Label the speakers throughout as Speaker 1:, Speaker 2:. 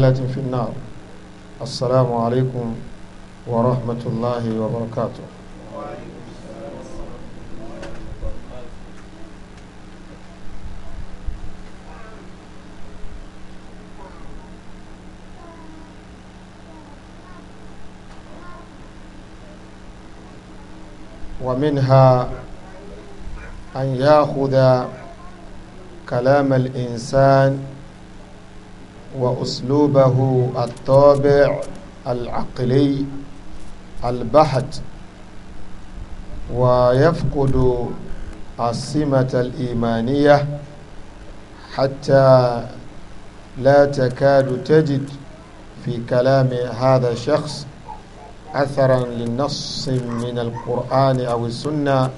Speaker 1: في النار السلام عليكم ورحمة الله وبركاته ومنها أن يأخذ كلام الإنسان وأسلوبه الطابع العقلي البحت ويفقد السمة الإيمانية حتى لا تكاد تجد في كلام هذا الشخص أثرا للنص من القرآن أو السنة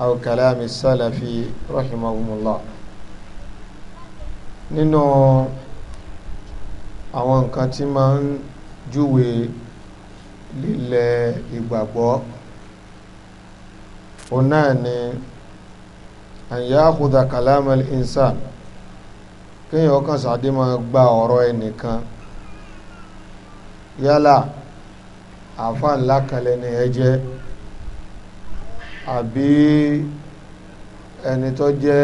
Speaker 1: أو كلام السلف رحمهم الله ننو àwọn nǹkan tí máa ń júwe lílẹ̀ ìgbàgbọ́ òun náà ni àyáhùdà kàlámẹ́lì insan kíyàn ọkàn sàdé máa gba ọ̀rọ̀ ẹnìkan yálà àfáà ńlá kalẹ̀ ni ẹ àbí ẹni tó jẹ́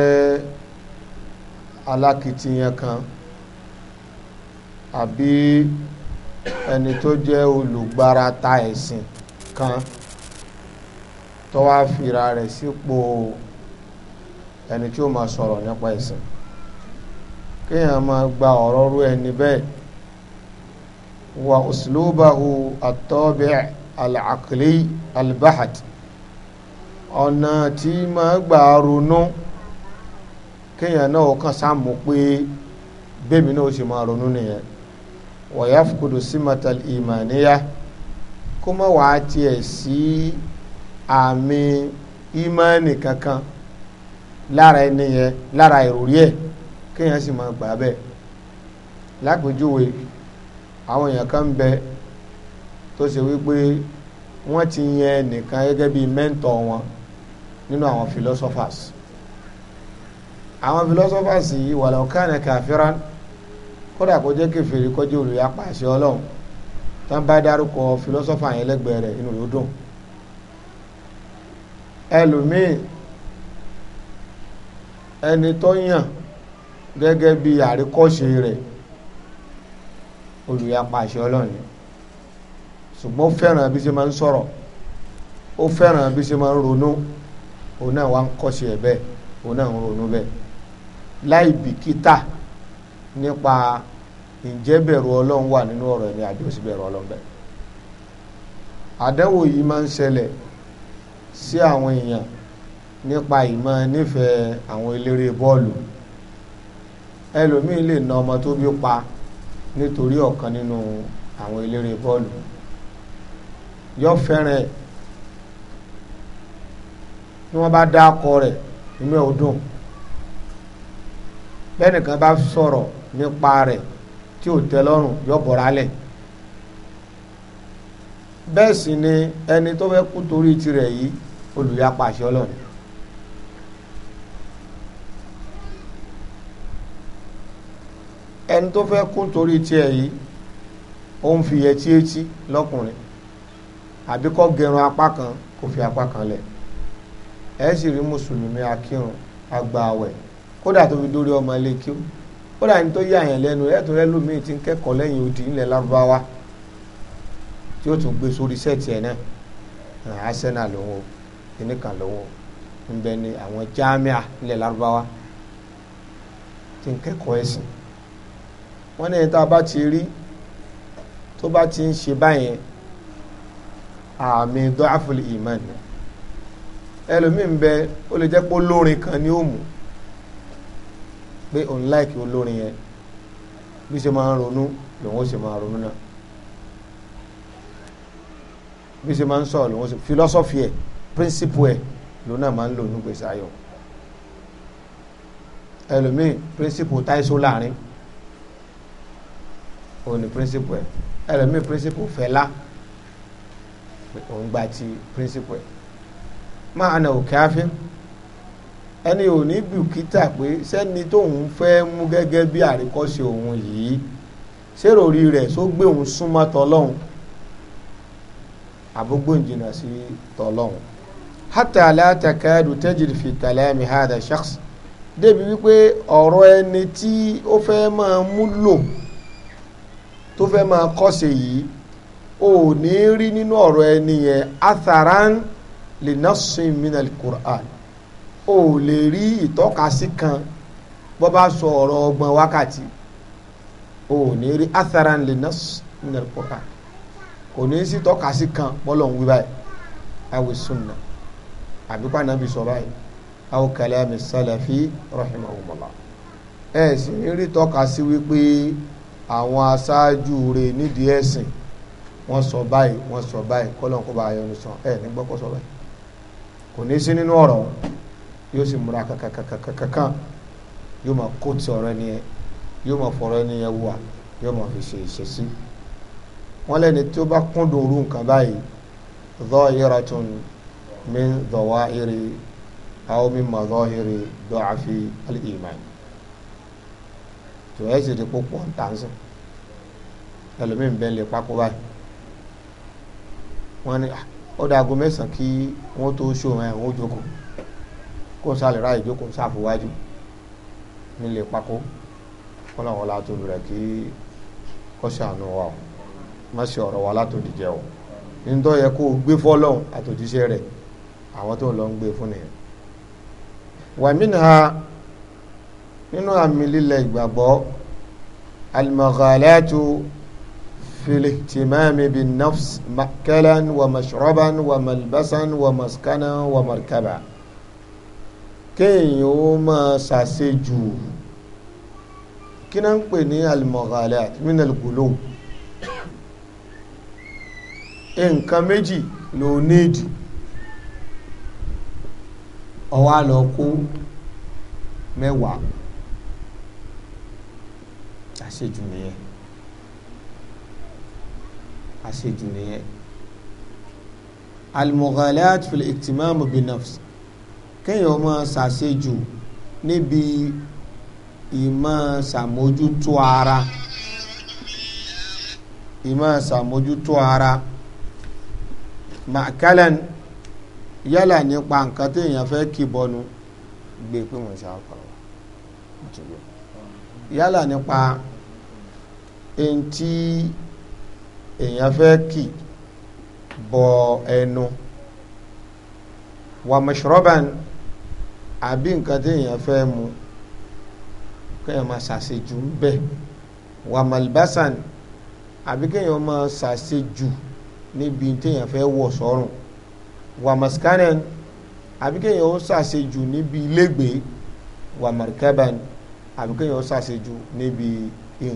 Speaker 1: alákìtìyàn kan. Yala, àbí ẹni tó jẹ́ olùgbárata ẹ̀sìn kan tó wá fìra rẹ̀ sípò ẹni tí ó máa sọ̀rọ̀ nípa ẹ̀sìn kéèyàn máa gba ọ̀rọ̀ rú ẹni bẹ́ẹ̀ wa uslubahu at-tabi' al-aqli al ọ̀nà tí máa gbà ronú kéèyàn náà kàn sáà mọ̀ pé bẹ́ẹ̀ náà ó sì máa ronú nìyẹn wọ̀yáfukudù símọ̀tàl ìmàníyà kó má wàá tiẹ̀ sí àmì ìmánì kankan lára ẹni yẹn lára ìròrí ẹ̀ kéèyàn sì máa gbà bẹ́ẹ̀ lápèjúwe àwọn èèyàn kan ń bẹ tó ṣe wípé wọ́n ti yẹn nìkan gẹ́gẹ́ bíi mẹ́ńtọ̀ wọn nínú àwọn philosophers àwọn philosophers yìí wàlọ́kànnì kàfíràn kódà kó jẹ́ kèfèrí kó jẹ́ olùyapa àṣẹ ọlọ́run tá bá dárúkọ fìlọ́sọ́fà yẹn lẹ́gbẹ̀ẹ́ rẹ̀ inú ló dùn ẹlòmíì ẹni tó yàn gẹ́gẹ́ bí àríkọ́ṣe rẹ̀ olùyapa àṣẹ ọlọ́run ni ṣùgbọ́n ó fẹ́ràn bí ṣe máa ń sọ̀rọ̀ ó fẹ́ràn bí ṣe máa ń ronú òun náà wá ń kọ́ṣe ẹ̀ bẹ́ẹ̀ òun náà ń ronú bẹ́ẹ̀ láì bìkítà nípa ǹjẹ́ bẹ̀rù ọlọ́run wà nínú ọ̀rọ̀ ẹ̀mí àbí òsì bẹ̀rù ọlọ́run bẹ́ẹ̀ àdánwò yìí máa ń ṣẹlẹ̀ sí àwọn èèyàn nípa ìmọ̀ nífẹ̀ẹ́ àwọn eléré bọ́ọ̀lù ẹlòmíín lè na ọmọ tó bí pa nítorí ọ̀kan nínú àwọn eléré bọ́ọ̀lù yọ fẹ́rẹ̀ ni wọ́n bá dá akọ rẹ̀ inú ẹ̀ ó bẹ́ẹ̀ nìkan bá sọ̀rọ̀ nípa rẹ̀ tí ò tẹ́ lọ́rùn yọ bọ̀rọ̀ alẹ̀ bẹ́ẹ̀ sì ni ẹni tó fẹ́ kú torí tirẹ̀ yìí olùyapa àṣẹ ọlọ́run ẹni tó fẹ́ kú torí tiẹ̀ yìí ó ń fi etí etí lọ́kùnrin àbí kọ́ gẹrun apá kan kò fi apá kan lẹ̀ ẹ sì rí mùsùlùmí akírun agbáwẹ̀ kódà tó fi dórí ọmọ ilé kí ó ó dà ní tó yà yàn lẹ́nu ẹ̀ tó rẹ́ lómi ti ń kẹ́kọ̀ọ́ lẹ́yìn odi ńlẹ̀ lárúbáwá tí ó tún gbé sórí sẹ́ẹ̀tì ẹ̀ náà Arsenal lòun o kìnnìkan lòun o ń bẹ ní àwọn jámíà ńlẹ̀ lárúbáwá ti ń kẹ́kọ̀ọ́ ẹ̀sìn wọ́n ní tá a bá ti rí tó bá ti ń ṣe báyẹn àmì dọ́àfùlì ìmánì ẹlòmíín bẹ ó lè jẹ́ pé olórin kan ni ó mú pé òun láìkì olórin yẹn bí ṣe máa ń ronú lòun ó ṣe máa ronú náà bí ṣe máa ń sọ̀rọ̀ lòun ó ṣe philosophy ẹ̀ principle ẹ̀ lòun náà máa ń lò nígbèsè ayọ̀ ẹlòmíì principle táìsó láàrin òun ni principle ẹ̀ ẹlòmíì principle fẹ́lá òun gba ti principle ẹ̀ máa nà òkè áfíà ẹni ò ní bìkítà pé sẹ́ni tóun fẹ́ mú gẹ́gẹ́ bí àríkọ́ṣe òun yìí séròrí rẹ̀ só gbé òun súnmọ́ tọlọ́hun àbúgbòǹjìnà sí tọlọ́hun hátà látàkàdù tẹ́jìrì fi kàlámì hádà ṣáks débi wípé ọ̀rọ̀ ẹni tí ó fẹ́ máa múlò tó fẹ́ máa kọ́ṣe yìí ò ní rí nínú ọ̀rọ̀ ẹni yẹn atharan lè násùn mí nà Qur'an o ò lè rí ìtọ́kasí kan bọ́ bá sọ ọ̀rọ̀ ọgbọ̀n wákàtí o ò ní rí atharan lè ná nínú Qur'an kò ní sí tọ́kasí kan bọ́lọ̀ ń wí báyìí awi sunna àbíkú ànábì sọ báyìí aw kalami salafi rahimahumullah ẹ sì ní rí tọ́kasí wípé àwọn aṣáájú rẹ̀ nídìí ẹ̀sìn wọ́n sọ báyìí wọ́n sọ báyìí kọ́lọ́n kó bá yọnu sàn ẹ nígbọ́kọ̀ sọ báyìí kò ní sí nínú ọ̀rọ̀ wọn yóò sì múra kankankankankan yóò máa kó ti ọ̀rọ̀ ẹni yẹn yóò máa fọ̀rọ̀ ẹni yẹn wà yóò máa fi ṣe ìṣesí wọn lẹni tí ó bá kún dòru nǹkan báyìí dhahiratun min dhawahiri aw min madhahiri du'afi al-iman tó ẹ̀ sì ti púpọ̀ ń tà ń sìn ẹlòmíì ń bẹ́ lè pákó báyìí wọ́n ní ọ̀dà ah, aago mẹ́sàn-án kí wọ́n tó ṣòwò ẹ̀ wọ́n jókòó kó n sálẹ̀ ráyè jókòó n sáfowájú nílé pákó kọ́láwọn látòlù rẹ̀ kí kọ́ṣàánú wa o má ṣe ọ̀rọ̀ wa látòdìjẹ́ o nítorí yẹ kó o gbé fọ́lọ́hún àtòjíṣẹ́ rẹ̀ àwọn tó ń lọ ń gbé fún nìyẹn. wàmínà nínú àmì lílẹ̀ ìgbàgbọ́ alimagalatu filiktimami bin nafs makalan wa mashroban wa malbasan wa maskanan wa markaba kéèyàn ó máa ṣàṣejù kí náà ń pè ní al-mughalat min al-ghuluw nǹkan méjì ló nídìí ọwá lọ kó mẹ́wàá àṣejù nìyẹn àṣejù nìyẹn al-mughalat fil-iktimam bin kéèyàn ọmọ ṣàṣejù níbi ìmọ̀ ṣàmójútó ara ìmọ̀ ṣàmójútó ara màkálẹ́n yálà nípa nǹkan téèyàn fẹ́ kì bọnu gbé pé wọ́n ṣe àpàrọ̀ yálà nípa ẹni tí èèyàn fẹ́ kì bọ ẹnu wà àbí nǹkan tí èèyàn fẹ́ mu kéèyàn máa ṣàṣejù ń bẹ̀ wà màlìbásàn àbí kéèyàn máa ṣàṣejù níbi téèyàn fẹ́ wọ̀ sọ́rùn wà màsíkánẹ́n àbí kéèyàn ó ṣàṣejù níbi ilégbèé wà màrìkábàn àbí kéèyàn ó ṣàṣejù níbi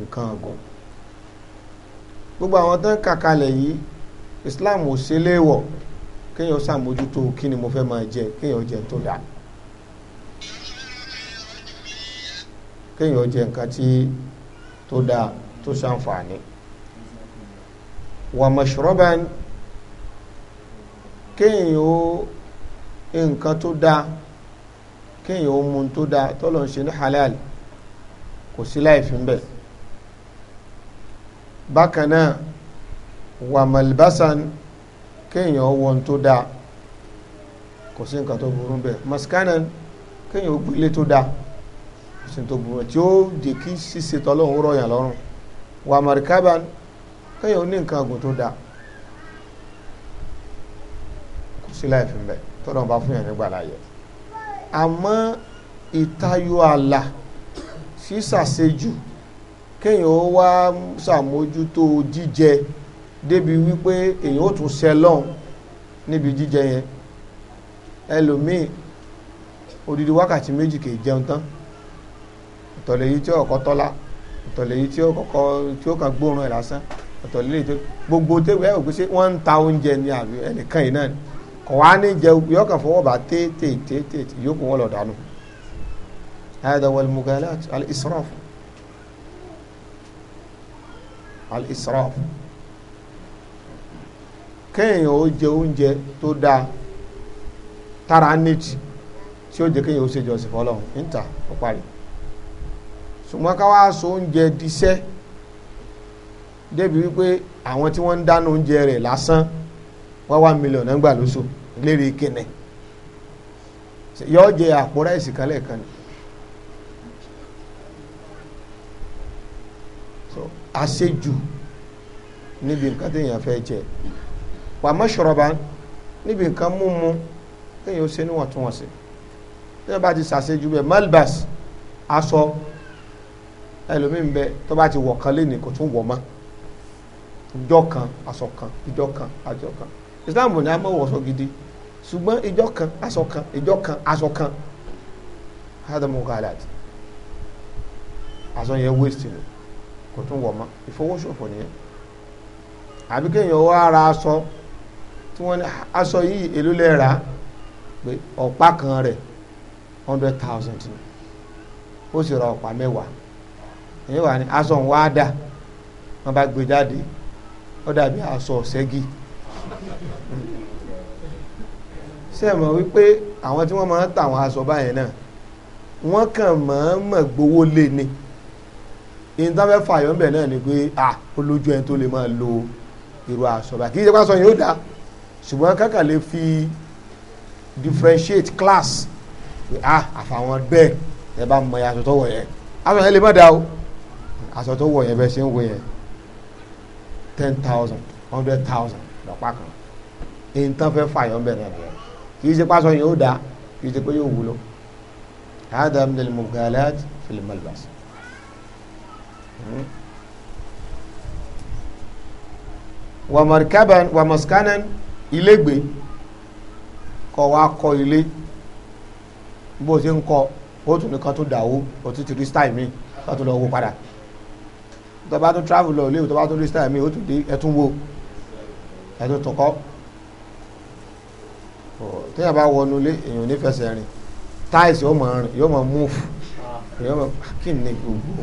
Speaker 1: nǹkan ọ̀gùn gbogbo àwọn tán kàkalẹ̀ yìí Islam ò ṣe léèwọ̀ kéèyàn ó ṣàmójútó kí ni mo fẹ́ máa jẹ kéèyàn ó jẹ tó dáa. kéèyàn jẹ nǹkan tí tó dáa tó ṣàǹfààní wà mashraban kéèyàn ó nǹkan tó dáa kéèyàn ó mu tó dáa tọ́lọ̀ ń ṣe ní halal kò sí láì fi ń bẹ̀ bákan náà wà malbasan kéèyàn ó wọ́n tó dáa kò sí nǹkan tó burú bẹ̀ maskanan kéèyàn ó gbélé tó dáa sèntòbùmọ̀ tí ó jẹ́ kí ṣíṣe tọ́lọ́run ó rọ̀yàn lọ́rùn wà mọ̀ríkábà kéèyàn ó ní nǹkan ọ̀gùn tó dáa kò sí láì fi mbẹ́ tọ́lọ́run bá fún yàn nígbà láàyè àmọ́ ìtayọ àlà ṣíṣàṣejù kéèyàn ó wá ṣàmójútó jíjẹ débi wípé èyàn ó tún ṣẹ lọ́hùn níbi jíjẹ yẹn ẹlòmíì odidi wákàtí méjì kì í jẹun tán ọ̀tọ̀lẹ̀ yìí tí ọ̀kọ́ tọ́lá ọ̀tọ̀lẹ̀ yìí tí ọ̀kọ́ tí ó kàn gbóòórùn ẹ̀ lásán ọ̀tọ̀lẹ̀ yìí tó gbogbo tẹ́wé ẹ̀ òkú sí wọ́n ń ta oúnjẹ ní àbí ẹnìkan yìí náà ni kò wá ní jẹ yọ kàn fọwọ́ bá tètè tètè yókù wọn lọ dànù. هذا والمغالاة الإسراف الإسراف kéèyàn ó jẹ oúnjẹ tó dáa tára nìtì tí ó jẹ kéèyàn ó ṣe jọ́sìn fọ́lọ́run níta ó ṣùgbọ́n ká wá so oúnjẹ diṣẹ́ débi wípé àwọn tí wọ́n ń dáná oúnjẹ rẹ̀ lásán wọ́n wá mílíọ̀nù náà gbà lóṣù lérè kéne yóò jẹ àpò ráìsì kan ni so àṣejù níbi nǹkan téèyàn fẹ́ jẹ wàmọ́ ṣọ̀rọ̀bà níbi nǹkan múmu téèyàn ó ṣe níwọ̀ntúnwọ̀nsì téèyàn bá ti ṣàṣejù bẹ́ẹ̀ malbas aṣọ ẹlòmíì ń bẹ tó bá ti wọ̀ kan lé ní kò tún wọ̀ mọ́ ìjọ kan aṣọ kan ìjọ kan aṣọ kan Islam ò ní amọ̀wọ̀sọ gidi ṣùgbọ́n ìjọ kan aṣọ kan ìjọ kan aṣọ kan adamu galat aṣọ yẹn waste ni kò tún wọ̀ mọ́ ìfowóṣòfò nìyẹn àbí kéèyàn wá ara aṣọ tí wọ́n ní ah, aṣọ yìí èló lè rà pé ọ̀pá kan rẹ̀ hundred thousand ni ó sì ra ọ̀pá mẹ́wàá èyí wà ní aṣọ òun wá dà wọn bá gbé jáde ó dàbí aṣọ ọ̀sẹ́gi ṣé ẹ mọ̀ wípé àwọn tí wọ́n máa ń tà àwọn aṣọ báyẹn náà wọ́n kàn máa ń mọ̀ gbowó lé ni ìyẹn tó fẹ́ fààyàn bẹ̀ náà ni pé à olójú ẹni tó lè máa lo irú aṣọ báyìí kì í ṣe pé ó dáa ṣùgbọ́n kákà lè fi differentiate class pé à àfàwọn bẹ́ẹ̀ ẹ bá mọ aṣọ tọwọ́ yẹn aṣọ yẹn lè má dáa o aṣọ tó wọ̀ yẹn bẹ́ẹ̀ ṣe ń wọ̀ yẹn ten thousand hundred thousand lọ́pàá kan èyí tán fẹ́ fà yọ̀ ń bẹ̀rẹ̀ rẹ̀ kì í ṣe pásọ yẹn ó dáa kì í ṣe pé yóò wúlò hada min al-mughalat fi al-malbas wa markaban wa maskanan ilégbé kọ wa kọ ilé bó ṣe ń kọ ó tún ní kan tó dàwó ó ti rí style mi ká tó lọ wó padà tó bá tún travel lọ léwu tó bá tún restart mi ó tún dé ẹtún wo ẹtún tún kọ́ téèyàn bá wọnú lé èèyàn ò ní fẹsẹ̀ rìn táìsì yóò máa rìn yóò máa múfù yóò máa kí ni gbogbo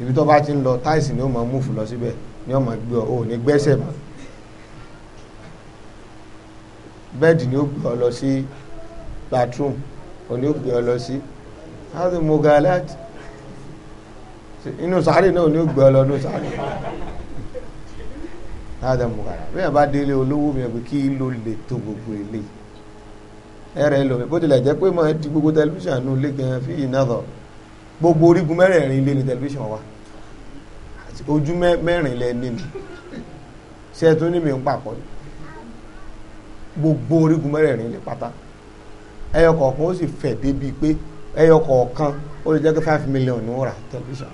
Speaker 1: ibi tó bá ti ń lọ táìsì ni ó máa múfù lọ síbẹ̀ ni ó máa gbé ọ ò ní gbẹ́sẹ̀ mọ́ ni ó gbé ọ lọ sí bathroom ò ní ó gbé ọ lọ sí how the mogalat inú sáré náà ní ògbé ọlọ́nú sáré láti mú kàrà bí wọn bá délé olówó mi pé kí ló lè tó gbogbo ilé ẹrẹ lómi bó tilẹ̀ jẹ́ pé mo ti gbogbo tẹlifíṣàn nù lé gan fi yìí náà tọ̀ gbogbo orígun mẹ́rẹ̀ẹ̀rin ilé ni tẹlifíṣàn wa ojú mẹ́rin lẹ ní mi ṣe tó ní mi ń pàpọ̀ ni gbogbo orígun mẹ́rẹ̀ẹ̀rin ilé pátá ẹyọ kọ̀ọ̀kan ó sì fẹ̀ débi pé ẹyọ kọ̀ọ̀kan ó lè jẹ́ pé five million ni wọ́n rà tẹlifíṣàn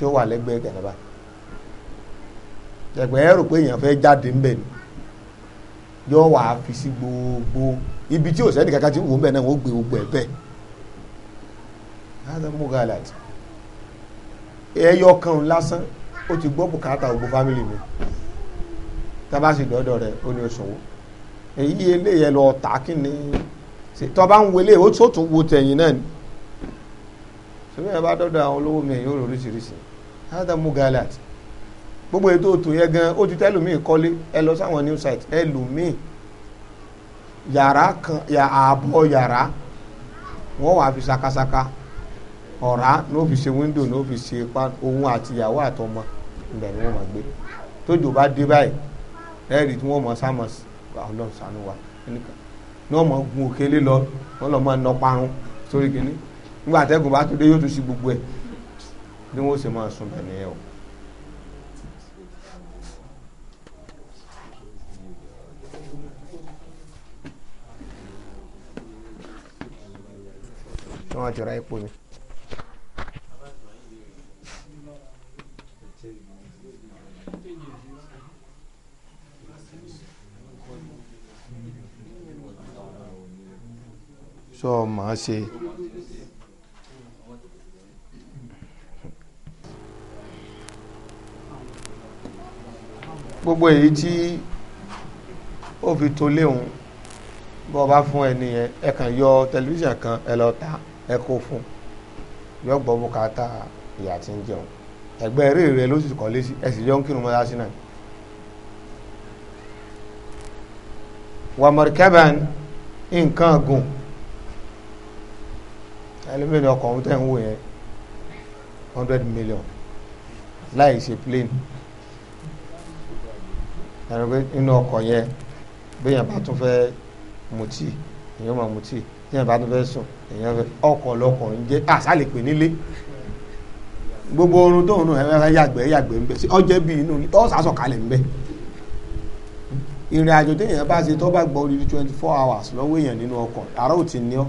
Speaker 1: tí ó wà lẹ́gbẹ̀ẹ́ kẹ̀nẹ́bà ẹ̀pẹ́ ẹ̀rù pé èèyàn fẹ́ jáde ńbẹ̀ ni yóò wà á fi sí gbogbo ibi tí ò sẹ́ni kankan ti wò ń bẹ̀ náà wọ́n gbé gbogbo ẹ̀ bẹ́ẹ̀ láti mú galad ẹyọ kan lásán ó ti gbọ́ bùkátà gbogbo fámìlì mi tábà sì dọ́dọ̀ rẹ̀ ó ní oṣù wo èyí eléyẹ lọ tà kí ni tọ́ba ń wọlé ó tún wo tẹ̀yìn náà ni sọ́bẹ̀ bá dọ́dọ̀ àwọn olówó mi ẹ̀yìn lóríṣiríṣi hada mugalat gbogbo ètò òtò yẹ gan ó ti tẹ́lùmíì kọ́lé ẹ lọ sáwọn new site ẹlòmíì yàrá kan ààbọ̀ yàrá wọ́n wàá fi sakasaka ọ̀rá ní ó fi ṣe wíńdò ní ó fi ṣe ohun àtìyàwó àtọmọ ibẹ̀ ni wọ́n máa gbé tójò bá dé báyìí lẹ́ẹ̀rí tí wọ́n mọ sámọ̀ ọlọ́run sànú wa nìkan ní wọ́n mọ gun òkèlè lọ wọ́n lọ́ mọ nọ parun sórí kìnní nígbà tẹ́gùn bá tún dé yóò tún ṣe gbogbo ẹ̀ bí wọ́n ṣe máa sùn bẹ̀ nìyẹn o. wọ́n ti ra epo ni. sọ ma ṣe. gbogbo èyí tí ó fi tó léhun bọ́ bá fún ẹni yẹn ẹ kàn yọ tẹlifíṣàn kan ẹ lọ ta ẹ kó fún yọ gbọ́ bùkátà ìyá tí ń jẹun ẹgbẹ́ eré rẹ ló sì kọ́lé sí ẹ sì jọ ń kírun mọ́lá sí náà. wà mọ̀rìkẹ́bàn nǹkan gùn ẹlẹ́mìnì ọkọ̀ ọ̀hún tẹ̀ ń wò yẹn hundred million láì ṣe plane ẹ̀rọ pé nínú ọkọ̀ yẹn bẹ́yàn bá tún fẹ́ mutí èèyàn máa mutí bẹ́yàn bá tún fẹ́ sùn èèyàn fẹ́ ọkọ̀ lọkọ̀ ń jẹ́ àṣà lè pè nílé gbogbo oorun tóun nù ẹ̀rọ yàgbẹ́ yàgbẹ́ ń bẹ sí ọjẹ́ bíi inú tó sàásọ̀ kalẹ̀ ń bẹ ìrìn àjò téèyàn bá ṣe tó bá gbọ́ orí twenty four hours lọ́wọ́ èèyàn nínú ọkọ̀ àárọ̀ ò ti ní ọ́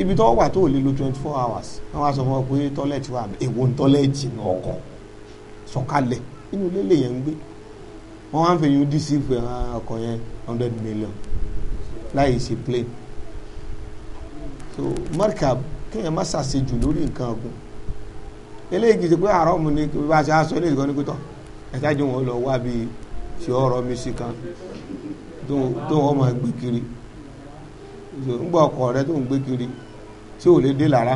Speaker 1: ibi tó wà tó lè lo twenty four hours wọ́n wá sọ fún ọ pé tọ́lẹ̀tì wà èwo ń tọ́lẹ̀tì nù ọkọ̀ sọ̀kalẹ̀ inú ilé lèèyàn ń gbé wọ́n wá ń fẹ̀yìn ó dísìfù ah, ọkọ̀ yẹn hundred million láì ṣe plane so markab kéèyàn má ṣàṣejù lórí nǹkan ọ̀gùn eléyìí kìí ṣe pé àárọ̀ mu ni bá a ṣe aṣọ eléyìí kan ní kútọ́ ẹ̀ka jù wọ́n lọ wá bíi ṣe ọ̀rọ̀ mi sí kan tó wọ́n máa gbé kiri ńgbọ́ ọkọ̀ rẹ tó ń gbé kiri tí ò lè dé lára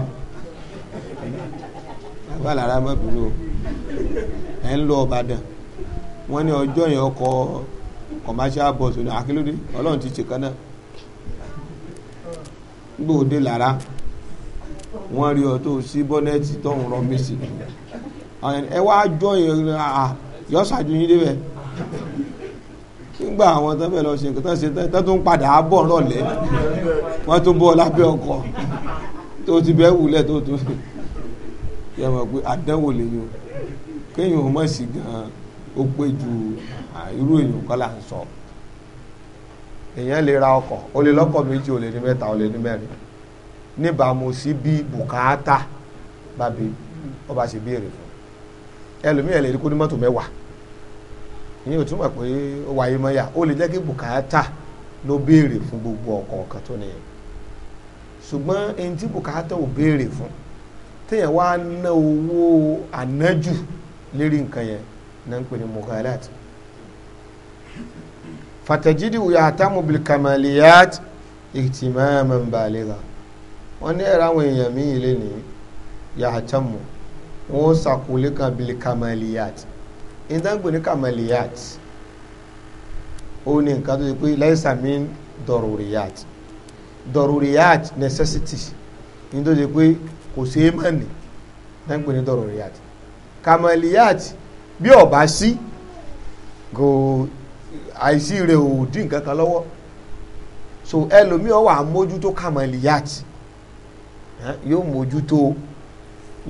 Speaker 1: àbá lára má bínú ẹ̀ ń lọ Ìbàdàn wọ́n ní ọjọ́ yẹn ọkọ̀ commercial bus ní akílódé ọlọ́run ti ṣèkan náà gbòde lára wọ́n rí ọ tó sí bọ́nẹ́ẹ̀tì tóun rọ mí sí ẹ wá jọ yẹn yọ ṣáájú yín débẹ̀ nígbà àwọn tó fẹ́ lọ ṣe nǹkan tó ṣe tó tó ń padà bọ̀ rọ̀lẹ́ wọ́n tó bọ́ lábẹ́ ọkọ̀ tó ti bẹ́ wulẹ̀ tó tó yẹ mọ̀ pé àdánwò lèyìn o kéèyàn ò mọ̀ sí gan-an ó pé ju irú èèyàn kọ́ là ń sọ èèyàn lè ra ọkọ̀ ó lè lọ́kọ̀ méjì ó lè ní mẹ́ta ó lè ní mẹ́rin níbàámu sí bí bùkátà bàbí ọba ṣe béèrè fún ẹlòmíràn lè rí kó ní mọ́tò mẹ́wàá ìyẹn ò túmọ̀ pé ó wáyé mọ́yà ó lè jẹ́ kí bùkátà ló béèrè fún gbogbo ọ̀kọ̀ọ̀kan tó nìyẹn ṣùgbọ́n ẹni tí bùkátà ò béèrè fún téèyàn wá ná owó ànájù lérí nǹkan yẹn náà ń pè ní mukhalat fàtẹ̀jídì yahtamu bil kamaliyat ihtimaman baligha wọ́n ní ẹ̀rọ àwọn èèyàn míì lè ní yahtamu wọ́n sàkólé kan bil kamaliyat ìdágbò ní kamaliyat ó ní nǹkan tó ti pé min dọ̀rùrìyat dọ̀rùrìyat necessity ní tó ti pé kò ṣeé mọ̀ ní ìdágbò ní dọ̀rùrìyat kamaliyat bí ọba sí kò àìsí rẹ̀ ò dín nǹkan kan lọ́wọ́ so ẹlòmíì ọwọ́ àmójútó kamaliyat yóò mójútó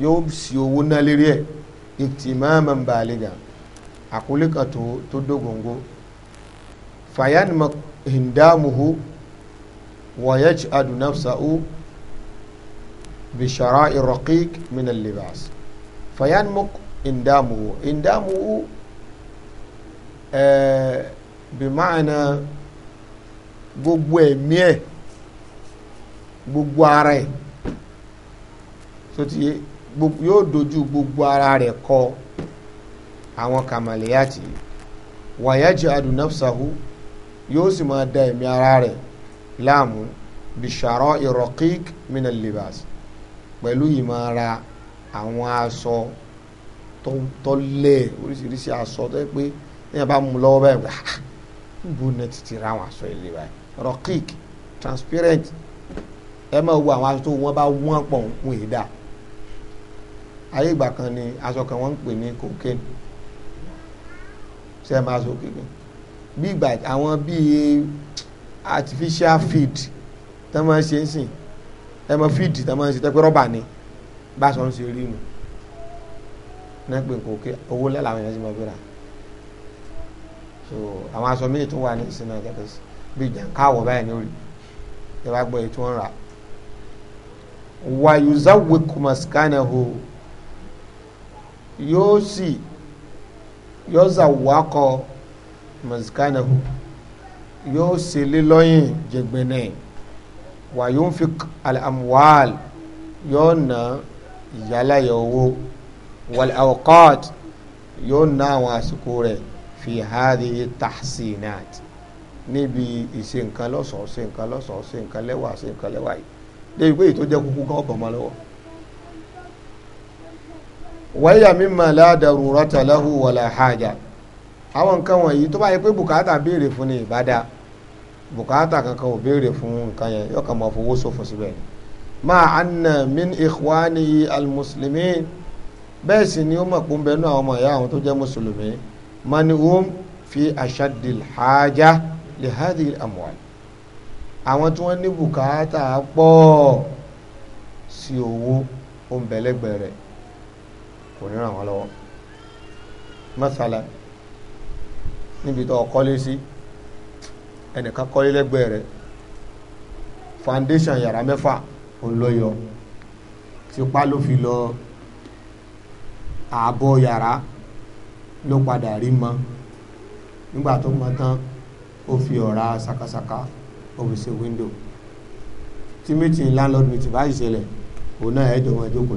Speaker 1: yóò sì owó náà lérí ẹ̀ ìtìmáàmà ń bàlẹ́gà àkólé kan tó tó dógóńgó fayanma hindamuhu wayaj adunafsa'u bishara iroqiq minal libas fayanmuk indamuhu indamuhu ẹẹ bimaana gbogbo ẹ̀mí ẹ̀ gbogbo ara ẹ̀ sotí yóò dojú gbogbo ara rẹ̀ kọ àwọn kàmàlẹ́yàtì wàyájì adùnáfsàhù yóò sì máa da ẹ̀mí ara rẹ̀ láàmú bìṣàrọ̀ ìrọ̀kík mìnà libas pẹ̀lú ìmọ̀ ara àwọn aṣọ tọ́lẹ̀ oríṣiríṣi aṣọ tó yẹ pé ẹ̀yàn bá mú lọ́wọ́ báyìí wá ah, níbo ni ti ra àwọn aṣọ ilé báyìí rokic transparent ẹ máa wo àwọn aṣọ tó wọ́n bá wọ́n pọ̀ ń kún ìdá ayé ìgbà kan ni aṣọ kan wọ́n ń pè ní cocaine ṣe é máa sọ kékeré bí ìgbà àwọn bíi artificial feed tẹ́ máa ṣe ń sìn ẹ máa feed tẹ́ máa ń ṣe tẹ́ rọ́bà ni bá a sọ ń ṣe rí nu náà pé nǹkan òkè owó lẹ́la àwọn èèyàn ti máa fi so àwọn aṣọ míì tó wà ní ìsinmi àtẹ́kẹ́ bí jàǹká àwọ̀ báyìí ní orí ẹ bá gbọ́ èyí tí wọ́n rà wàyùzá wekumasikanahu yóò sì yóò zà wákọ̀ masikanahu yóò ṣe lé lọ́yìn jẹgbẹ́nẹ́ wàyùnfik alamuwaal yóò ná ìyálàyà owó wal awqat yóò في هذه التحسينات نبي fi hadhihi tahsinat níbi ìṣe nǹkan lọ́sọ̀ọ́ ṣe nǹkan lọ́sọ̀ọ́ ṣe nǹkan lẹ́wà ṣe nǹkan lẹ́wà yìí débi pé ìtó jẹ́ kúkú gan ọ̀bọ̀n mọ́ lọ́wọ́. wáyà mimma la darurata lahu wala haja àwọn nǹkan wọ̀nyí tó bá pé bùkátà béèrè fún ni ìbádá bùkátà kankan ò béèrè fún nǹkan yẹn yóò kàn fowó ṣòfò síbẹ̀ ni. máa anna min ikhwani al bẹ́ẹ̀ sì ni ó mọ̀ pé ń bẹ nú àwọn ọmọ ìyá àwọn tó jẹ́ mùsùlùmí manihum fi ashadil haja li hadhihi amwal àwọn tí wọ́n ní bùkátà pọ̀ sí owó ó ń bẹ lẹ́gbẹ̀ẹ́ rẹ̀ kò ní ràn wọ́n lọ́wọ́ masala níbi tó kọ́lé sí ẹnìkan kọ́lé lẹ́gbẹ̀ẹ́ foundation yàrá mẹ́fà òun ló yọ ló fi lọ. Lo ààbọ̀ yàrá ló padà rí mọ́ nígbà tó mọ́ tán ó fi ọ̀rá sakasaka ó fi ṣe wíńdò tí landlord meeting bá ṣẹlẹ̀ òun náà ẹ̀jọ̀ wọn jókòó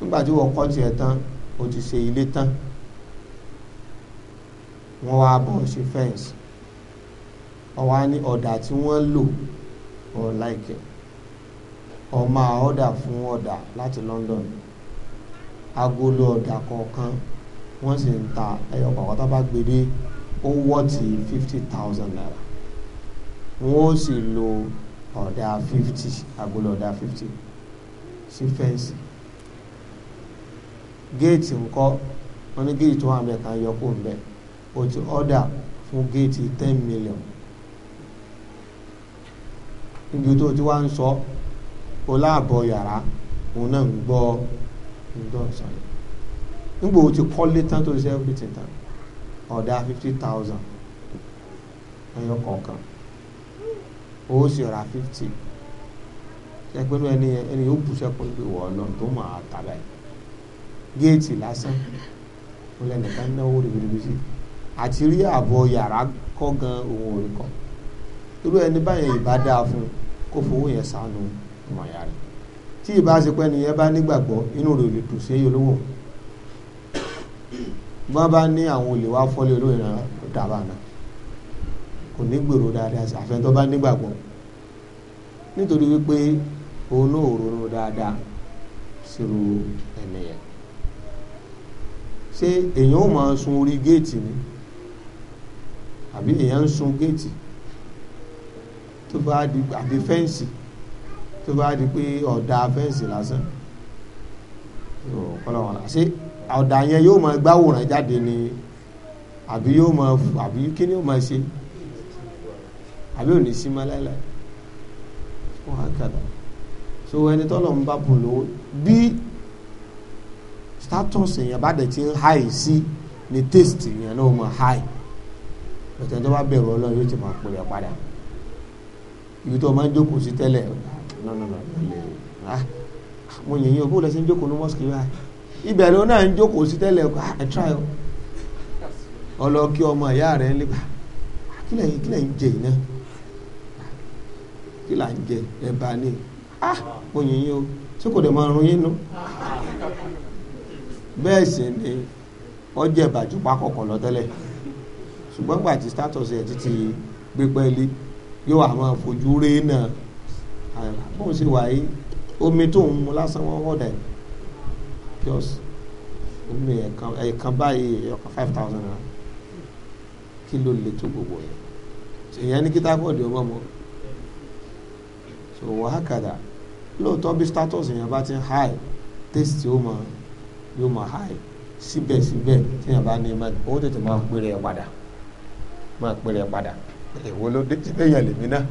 Speaker 1: nígbà tí wọ́n kọ́ tiẹ̀ tán ó ti ṣe ilé tán wọ́n wá bọ̀ ṣe fẹ́ǹsì ọwọ́ á ní ọ̀dà tí wọ́n lò ọ̀ láìkẹ́ ọ̀ máa ọ̀dà fún ọ̀dà láti London agolo ọ̀dà kọ̀ọ̀kan wọ́n sì ń ta ẹyọ kọ̀ọ̀kan tó bá gbé dé ó wọ́ fifty thousand naira wọ́n ó sì lo ọ̀dà fifty agolo ọ̀dà fifty sí fẹ́ǹsì géètì ńkọ́ wọ́n ní géètì tó wà mẹ́ẹ̀ kan yọ kó ń bẹ̀ o ti ọ̀dà fún géètì ten million níbi tó ti wá ń sọ ọ láàbọ̀ yàrá òun náà ń gbọ́ ọ ǹdọ́ ìsàlẹ̀ nígbà o ti kọ́lé tán tó ṣe everything tán ọ̀dà fifty thousand ẹyọ kọ̀ọ̀kan ó sì ra fifty ẹgbẹ́nu ẹni ẹni yóò bù sẹ́kọ̀ọ́ pé wọ́n ọlọ́run tó mọ̀ àtàlà yìí géètì lásán ó lẹ́nìkan náwó ribiribi sí àti rí ààbọ̀ yàrá kọ́ gan òun ò rí kọ́ irú ẹni báyẹn ìbá dáa fún kó fowó yẹn sànù ọmọ ìyá tí ìbá ṣe pẹ́ nìyẹn bá nígbàgbọ́ inú rẹ̀ lè dùn sí olówó bá bá ní àwọn olè wá fọ́lé olówó ìran dàbà náà kò ní gbèrò dáadáa sí àfẹ́ntọ́ bá nígbàgbọ́ nítorí wípé òun náà ronú dáadáa sírú ẹni yẹn ṣé èèyàn ò máa sun orí géètì ni àbí èèyàn ń sun géètì tó bá di àbí fẹ́ǹsì tó bá di pé ọ̀dà fẹ́ǹsì lásán kọlọ́wọ́n la ṣe ọ̀dà yẹn yóò máa gbáwòrán jáde ni àbí yóò máa àbí kí ni yóò máa ṣe àbí ò ní sí máa láéláé wọn á kàdà so ẹni tọ́lọ̀ ń bá bùn lówó bí status èèyàn bá dẹ̀ ti ń háì sí ni taste èèyàn náà máa háì bẹ̀tẹ̀ tó bá bẹ̀rù ọlọ́run yóò ti máa pòyà padà ibi tó máa ń jókòó sí tẹ́lẹ̀ ọ̀dà no no no ah, mo yẹn yín o bó lẹ sí ń jókòó ní mosque yìí báyìí ibẹ̀ ló náà ń jókòó sí tẹ́lẹ̀ ọkọ̀ ah, ẹ try o ọlọ́ọ̀kí ọmọ ìyá rẹ̀ ah, ń lé bá kí lẹ́yìn kí lẹ́yìn jẹ iná kí là ń jẹ ẹ̀bà ni mo yẹn yín o tí kò dẹ̀ máa run yín nu bẹ́ẹ̀ sì ni ọjọ́ ìbàjú pákọ̀kọ̀ lọ tẹ́lẹ̀ ṣùgbọ́n gbà tí status ẹ̀ ti ti gbé pẹ́ẹ́lí yóò àwọn fojú rèé náà bóun ṣe wà yìí omi tó ń mu lásán wọn wọ́n dẹ̀ pure omi ẹ̀kan ẹ̀kan báyìí ọkàn five thousand naira kí ló lè tó gbogbo yẹn èèyàn ní kíta pọ̀ di ọmọ mọ́ so wàhákàdà lóòótọ́ bí status èèyàn bá ti ń high taste yóò mọ yóò mọ high síbẹ̀síbẹ̀ tí èèyàn bá ní ma ó tètè máa pèrè ẹ̀ padà máa pèrè ẹ̀ padà èwo ló dé tí bẹ́ẹ̀ yàn lèmi náà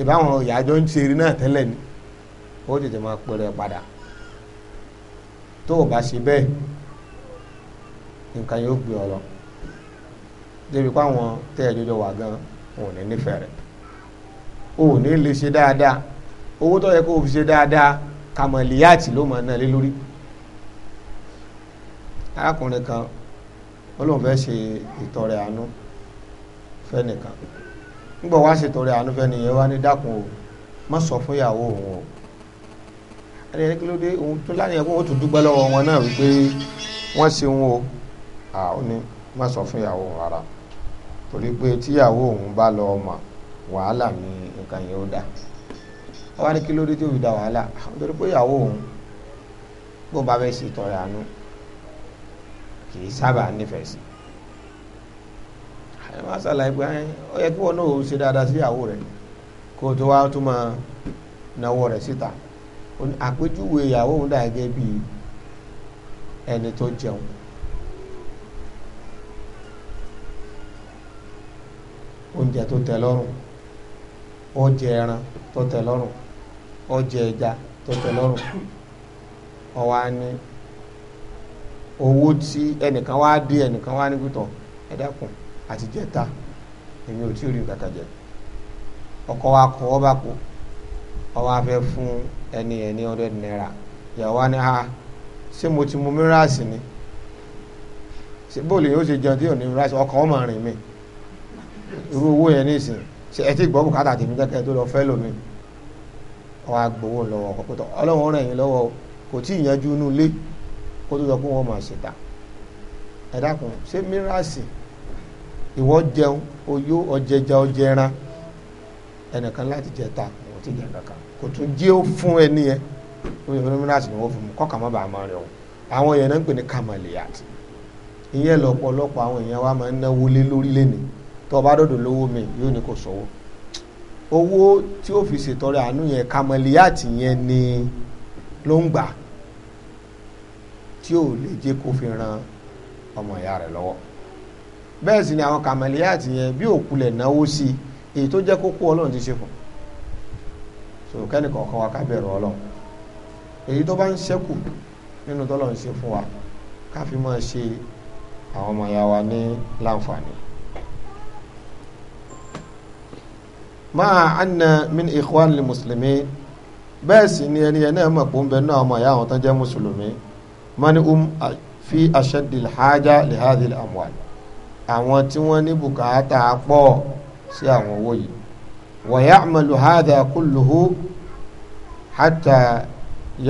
Speaker 1: ìbáwọn ìyájọ́ ń ṣe eré náà tẹ́lẹ̀ ni ó tètè máa pẹ̀rẹ̀ padà tó o bá ṣe bẹ́ẹ̀ nǹkan yóò gbé ọ lọ débi pé àwọn tẹ́ ẹ jọjọ wà gan òun ní nífẹ̀ẹ́ rẹ̀ òun ní lè ṣe dáadáa owó tó yẹ kó o fi ṣe dáadáa kàmọ̀lìyàtì ló máa ná lé lórí arákùnrin kan ó fẹ́ ṣe ìtọrẹ àánú fẹ́nìkan nígbà wá ṣètọrẹ àánú fẹ́ nìyẹn wá ní dákun o má sọ fún ìyàwó òun o ẹni ẹni kí ló dé òun tó láyé ẹkún ó tún dúpẹ́ lọ́wọ́ wọn náà wípé wọ́n ṣe òun o àwọn ni má sọ fún ìyàwó òun rárá torí pé tíyàwó òun bá lọ ọmọ wàhálà ni nǹkan yẹn ó dà wọ́n ní kí ló dé tí ó fi da wàhálà nítorí pé ìyàwó òun bó bá fẹ́ ṣètọrẹ àánú kì í sábà nífẹ̀ẹ́ sí ẹ máa ṣàlàyé pé ó yẹ kí wọn náà ṣe dáadáa sí ìyàwó rẹ kó tó wá tó máa náwó rẹ síta àpèjúwe ìyàwó òun dà gẹ́gẹ́ bíi ẹni tó jẹun oúnjẹ tó tẹ́ lọ́rùn ó ẹran tó tẹ́ lọ́rùn ó ẹja tó tẹ́ lọ́rùn owó tí ẹnìkan wá dé àti jẹta èmi ò tí ò rí nǹkan jẹ ọkọ wa kọ ọba kú ọwọ afẹ fún ẹni ẹni hundred naira ìyàwó wa ní ha ṣé mo ti mu mírasì ni ṣe bóòlù yóò ṣe jẹun tí ò ní mírasì ọkàn ọmọ rìn mi irú owó yẹn nísìnyí ṣe ẹ ti gbọ́ bùkátà tèmi kẹ́kẹ́ tó lọ fẹ́ lómi ọwọ́ agbowó lọ́wọ́ ọkọ̀ pẹ̀tọ́ ọlọ́run ràn yín lọ́wọ́ kò tí ì yanjú inú ilé kó tó yọ kó wọ́n máa ṣètà ẹ dákun ṣé mírasì ìwọ jẹun oyó ọjẹjà ọjẹran ẹnìkan láti jẹta ìwọ ti jẹ kankan kò tún jẹ́ ó fún ẹni yẹn ó yẹ fún minerals ni wọ́n fún mu kọ́kà má bàa máa rẹ̀ o àwọn èèyàn náà ń pè ní kamaliyat ìyẹn lọ́pọ̀lọpọ̀ àwọn èèyàn wa máa ń náwó lé lórí lẹ́nu tó o bá dọ̀dọ̀ lówó mi yóò ní kò sọ́wọ́ owó tí ó fi ṣètọrẹ àánú yẹn kamaliyat yẹn ni ló ń gbà tí ò lè jẹ́ kó fi ran ọmọ ìyá rẹ̀ lọ́wọ́ bẹ́ẹ̀ sì ni àwọn kàmàlíyàtì yẹn bí òkulẹ̀ náwó sí èyí tó jẹ́ kókó ọlọ́run ti ṣe fún so kẹ́ni kọ̀ọ̀kan wa ká bẹ̀rù ọlọ́run èyí tó bá ń ṣẹ́kù nínú tọ́lọ́run ṣe fún wa ká fi máa ṣe àwọn ọmọ ìyá wa ní láǹfààní. máa anna min ikhwan li mùsùlùmí bẹ́ẹ̀ sì ni ẹni yẹn náà mọ̀ pé ó ń bẹ náà ọmọ ìyá àwọn tó jẹ́ mùsùlùmí mani um fi ashadil haja li hadhil amwal àwọn tí wọ́n ní bùkátà pọ̀ sí àwọn owó yìí wa ya'malu hadha kulluhu hatta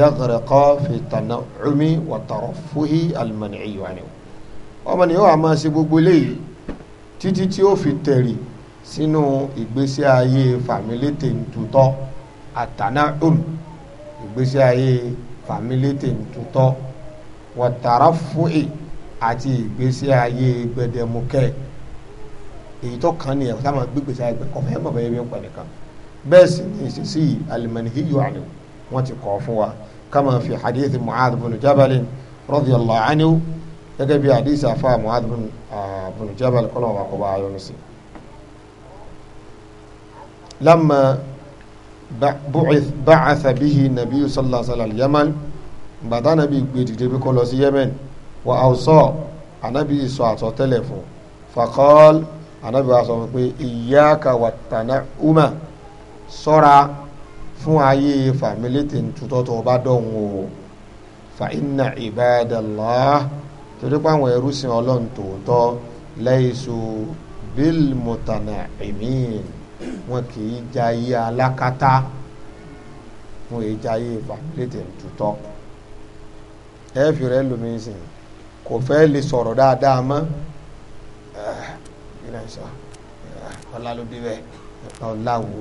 Speaker 1: yaghraqa fi tana'umi wa tarafuhi al-man'iyyu anhu ọmọ ni yóò máa ṣe gbogbo eléyìí títí tí ó fi tẹ̀rì sínú ìgbésí ayé fàmílétè ntutọ́ àtànáhùn ìgbésí ayé fàmílétè ntutọ́ wa tarafuhi àti ìgbésí ayé gbẹdẹmukẹ èyí tó kàn nìyẹn kó sábà gbé gbèsè ayé kọfẹ mọ bẹyẹ bí ń pẹ nìkan bẹ́ẹ̀ sì ni ìṣesí alimanihiyu àni wọn ti kọ fún wa kama fi hadithi mu'adh bin jabal radiyallahu anhu gẹ́gẹ́ bí hadithi afa mu'adh bin jabal kọlọn wa kó ayọ nù sí. lamma bihi nabiyyu sallallahu yaman gbàdánà bí gbèdìdè bí kò sí yemen wà àwùsọ anabi sọ àsọtẹ́lẹ̀ fún fakọọl anabi wa sọ fún pé ìyáka wà tànà uma ṣọ́ra fún ayé fàmílétì tutọ́ tó bá dọ̀hún o fa inna ibadallah torí pé àwọn ẹrú sin ọlọ́run tòótọ́ lẹ́yìísù bil mutana'imin wọn kì í jayé alákatá wọn kì í jayé fàmílétì tutọ́ ẹ fi rẹ lómi sìn kò fẹ́ lè sọ̀rọ̀ dáadáa mọ́ ọlá ló dé bẹ́ẹ̀ ọlá wo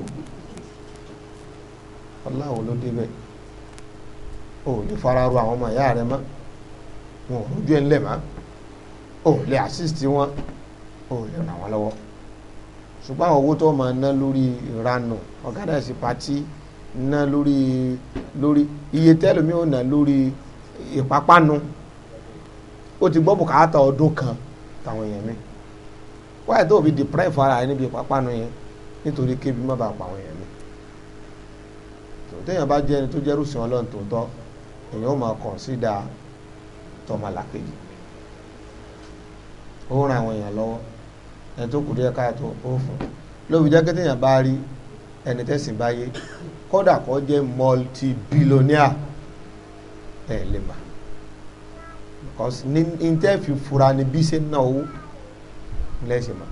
Speaker 1: ọlá wo ló dé bẹ́ẹ̀ o ò lè fara ro àwọn ọmọ ìyá rẹ mọ́ wọn ò lójú ẹ̀ ńlẹ̀ mọ́ o ò lè assist wọn o ò lè ràn wọ́n lọ́wọ́ ṣùgbọ́n àwọn owó tó máa ná lórí ìranù organize party ná lórí lórí iye tẹ́lómi ò ná lórí ìpápánu. E ó ti gbọ́ bùkátà ọdún kan táwọn èèyàn mi wáyé tó fi deprive ara rẹ níbi ìpápánu yẹn nítorí kébi má bàa pa àwọn èèyàn mi tòtẹ́yìn bá jẹ́ ẹni tó jẹ́rù sí ọlọ́run tòótọ́ èèyàn ó máa consider tọmọlàkejì ó ran àwọn èèyàn lọ́wọ́ ẹni tó kù díẹ̀ káàtó ó fún lóbi jẹ́ kétéèyàn bá rí ẹni tẹ̀sìn báyé kódà kó jẹ́ multi billionaire ẹ̀ lè máa cause ní ní tẹ́ fi fura ni bí ṣe ń ná owó lẹ́sìn mọ́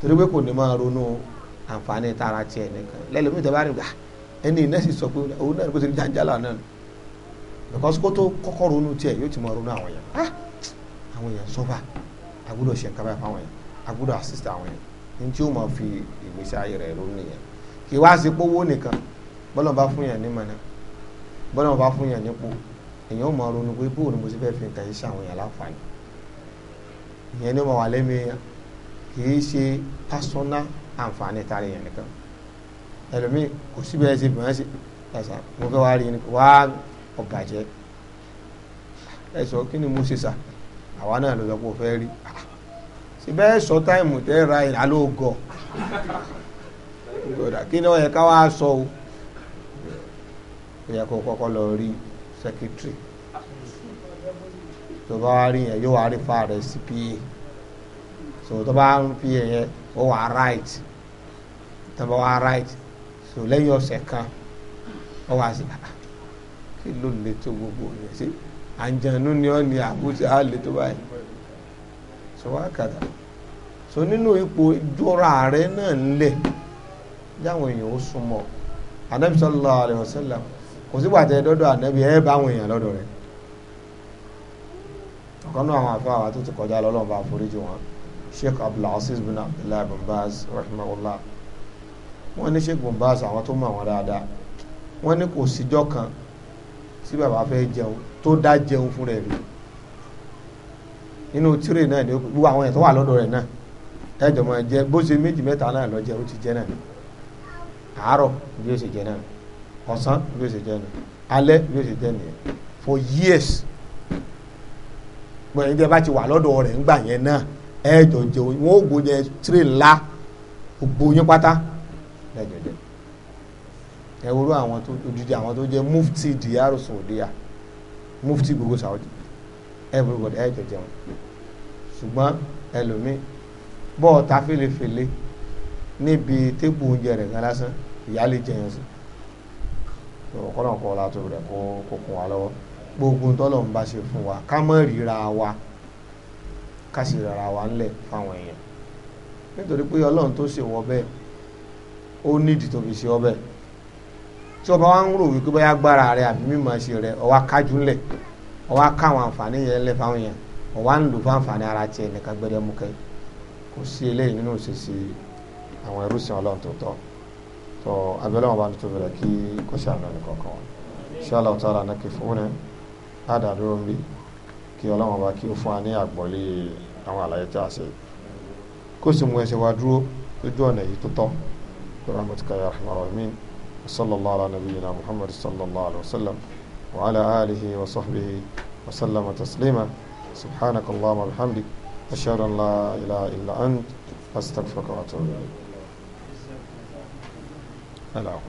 Speaker 1: torí pé kò ní máa ronú àǹfààní tara tiẹ̀ nìkan lẹ́lẹ́mí tẹ́ bá rìn gbà ah, ẹni iná sì sọ pé òun náà kò sí jàǹjàlá náà ni because kó tó kọ́kọ́ ronú tiẹ̀ yóò ti máa ronú àwọn yẹn ah, àwọn yẹn sọ́ba àgbúdọ̀ ṣe nǹkan báyìí fáwọn yẹn àgbúdọ̀ assist àwọn yẹn ní tí ó máa fi ìgbésí ayé ronú nìyẹn kì wá sí pówó nìkan bọ́lọ̀ bá fún yẹn ní mọ̀nà bọ́lọ̀ bá fún yẹn nípò èèyàn ó máa ronú pé bóun ni mo ti fẹ́ fi nǹkan yìí ṣàwọn èèyàn láǹfààní ìyẹn ni ó máa wà lẹ́mí èèyàn kì í ṣe pásọ́nà àǹfààní tààrí èèyàn nìkan ẹlòmíì kò síbi ẹ ṣe bí wọ́n ṣe ẹ̀sà mo fẹ́ wá rí ni wá ọ̀bàjẹ́ ẹ sọ kí ni mo ṣe sà àwa náà ló sọ pé o fẹ́ rí síbẹ̀ ẹ sọ táìmù tẹ́ ra ìhálógọ́ kí ni ó yẹ ká wá sọ o ó kọ́kọ́ lọ rí i secretary tó bá wá rí yẹn yóò wá rí fa rẹ̀ sí pa so tó bá ń pa yẹn ó wà right tó bá wà right so lẹ́yìn ọ̀sẹ̀ kan ó wà sí ah, kí ló lè tó gbogbo yẹn sí àǹjànú ni ọ́ ni àbújá á lè tó báyìí so wá kàdà so nínú ipò ìjọra rẹ náà ń lẹ̀ jáwọn èèyàn ó súnmọ́ anabi sallallahu alayhi wa sallam kò sígbà tẹ dọ́dọ̀ ànábì ẹ bá àwọn èèyàn lọ́dọ̀ rẹ̀ ọ̀kan náà àwọn afáwà tó ti kọjá lọ́lọ́run bá foríjì wọn sheikh abdulaziz bin abdullahi bin baz rahimahullah wọ́n ní sheikh bin baz àwọn tó mọ̀ wọn dáadáa wọ́n ní kò síjọ́ kan tí bàbá fẹ́ jẹun tó dá jẹun fún rẹ̀ rí nínú tírè náà ni gbogbo àwọn èèyàn wà lọ́dọ̀ rẹ̀ náà ẹ̀jọ̀ mọ̀ jẹ bó ṣe méjì mẹ́ta náà lọ ó ti jẹ náà àárọ̀ bí ó ṣe jẹ náà ọ̀sán bí ó ṣe jẹ́ nù alẹ́ bí ó ṣe jẹ́ nìyẹn for years gbọ́n ẹni tí ẹ bá ti wà lọ́dọ̀ rẹ̀ ńgbà yẹn náà ẹ jọ jẹun wọn ò gbóyè tírè ńlá gbogbo yín pátá ẹ jọ jẹ ẹ wúrú àwọn tó odidi àwọn tó jẹ mufti diyaru sòdíyà mufti gbogbo Saudi everybody ẹ jọ jẹun ṣùgbọ́n ẹlòmíì bọ́ọ̀ ta fèlèfèlè níbi tébù oúnjẹ rẹ̀ gan lásán ìyá lè jẹyàn sí i kọ́lọ́n kọ́ la tó rẹ̀ kó kó kún wa lọ́wọ́ gbogbo tọ́lọ̀ ń bá ṣe fún wa ká mọ̀ ríra wa ká sì rara wa ńlẹ̀ fáwọn èèyàn nítorí pé ọlọ́run tó ṣe wọ bẹ́ẹ̀ ó nídìí tó fi ṣe ọ bẹ́ẹ̀ tí ọba wa ń rò wípé bóyá gbára rẹ àbí mímọ̀ ṣe rẹ ọwá kájú ńlẹ̀ ọwá káwọn àǹfààní yẹn ńlẹ̀ fáwọn èèyàn ọwá ń lò fún àǹfààní ara tiẹ̀ nìkan gbẹdẹmukẹ kò sí eléyìí nínú òṣèṣe àwọn ẹrú sìn ọlọ́run tó tọ́ tó abẹ́lẹ́ wọn bá ní tóbi rẹ̀ kí kò ṣàánú ẹni kankan wọn ṣáàlà ọ̀tàlà náà kì fún ní àdàdúró ń bí kí ọlọ́wọ́n bá kí ó fún wa ní àgbọ́lé àwọn àlàyé tí a ṣe kó sì mú ẹsẹ̀ wa dúró lójú ọ̀nà yìí tó tọ́ rahmatuka ya rahman rahim sallallahu ala nabiyyina muhammad sallallahu alaihi wasallam wa ala alihi wa sahbihi wa sallama taslima subhanakallahumma wa bihamdik ashhadu an la ilaha illa ant astaghfiruka wa atubu ilayk Hello.